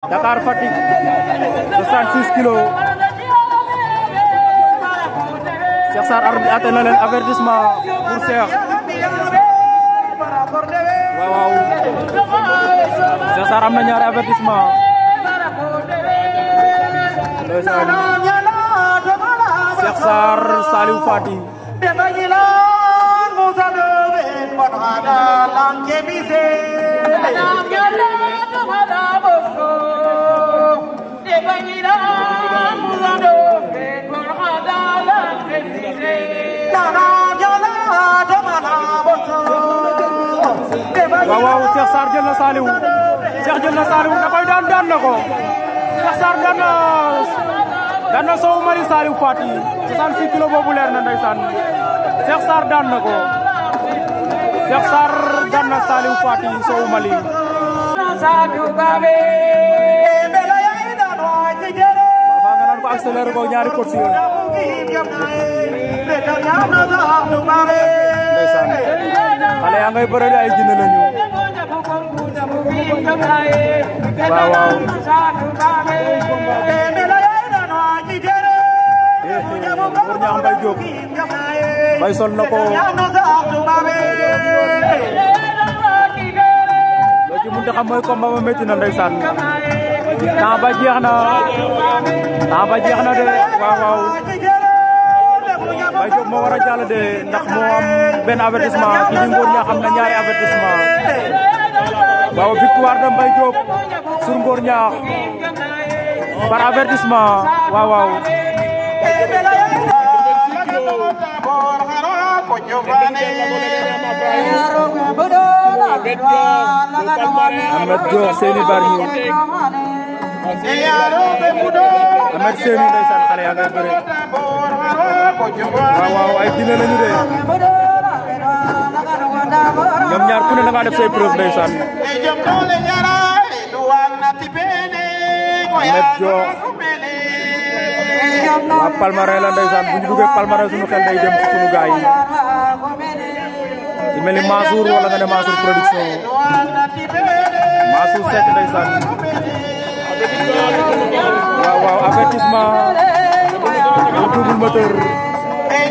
Dakar Fatick 66 kilo. Cheikh Sar Arbi atte na leen avertissement pour Cheikh waaw waaw Cheikh Sarr am na ñaari avertissement waaw waaw Cheikh Sarr jël na Saliou Cheikh jël na Saliou da koy daan daan na ko Cheikh Sarr daan na daan na Sow Mari Saliou Fati 66 boobu leer na ndeysaan Cheikh Sarr daan na ko Cheikh Sarr daan na Saliou Fati Sow Mali Sadou Babé ba nga naan ko accéléré ko ñaari côté gaa ngay bëre ay jinne lañu waaw waaw Mor Niang Mbaye Diop Mbaye sol na ko loo ci mënut a xam mooy combat ba métti na ndeysaan temps ba jeex na temps ba jeex na de waaw baik Diop moo war a jàll de ndax moo am benn avertissement ki ñu ngóor ñaa xam na ñaari avertissement waaw victoire de Mbaye wow sur ngóor ñaax par avertissement waaw waaw Ahmed Diop Ahmed waaw waaw ay dina lañu de ñoom ñaar ku ne da nga def say preuve ndeysaan Ahmed Dior waa Palmarin la ndeysaan bu ñu duggee Palmarin suñu xel day dem suñu gaay yi di mel ni Mansour wala nga ne Mansour production Mansour Seck ndeysaan waaw waaw avertissement bu double moteur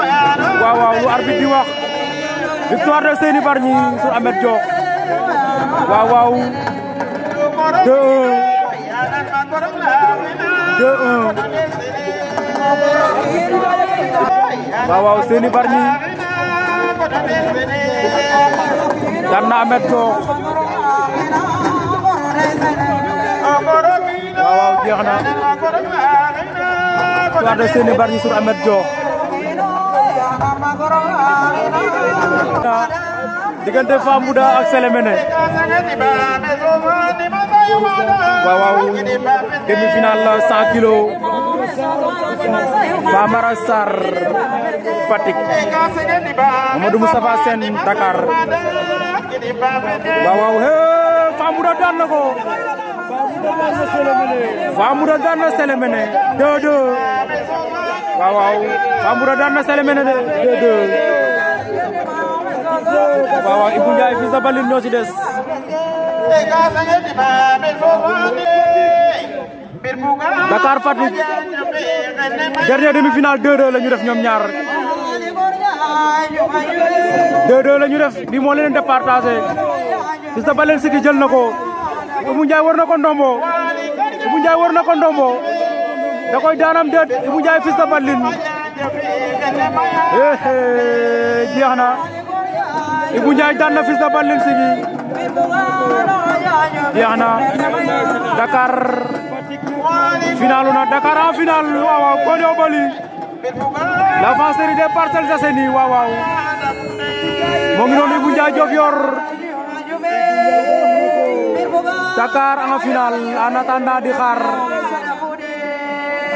waaw waaw lu arbitre bi wax victoire de Seyni Bargny sur Ameth Diokh sur Ameth Diokh diggante Famouda ak Sélémène waaw waaw demi-finale la 100 kilos Famara Sarr Fatick Mamadou Moustapha Sène Dakar waaw waaw hee Famouda daan na ko Famouda daan na Sélémène 2-2 waaw waaw Sambura daan na Sélé Méné de deux waaw waaw Ibou ñoo ci Dakar demi-finale 2-2 la def ñoom ñaar 2-2 la def bi moo leen départagé fils de Balil jël na Ibou war ndombo Ibou war ndombo da koy daanam déet Ibou Ndiaye Fils de Batling eh, eh, jeex na Ibou Ndiaye daan na Dakar finalu na Dakar en final waaw waaw Kodio Boli la vacherie des Parcelles Assainies waaw waaw moo ngi Dakar en final en attendant di xaar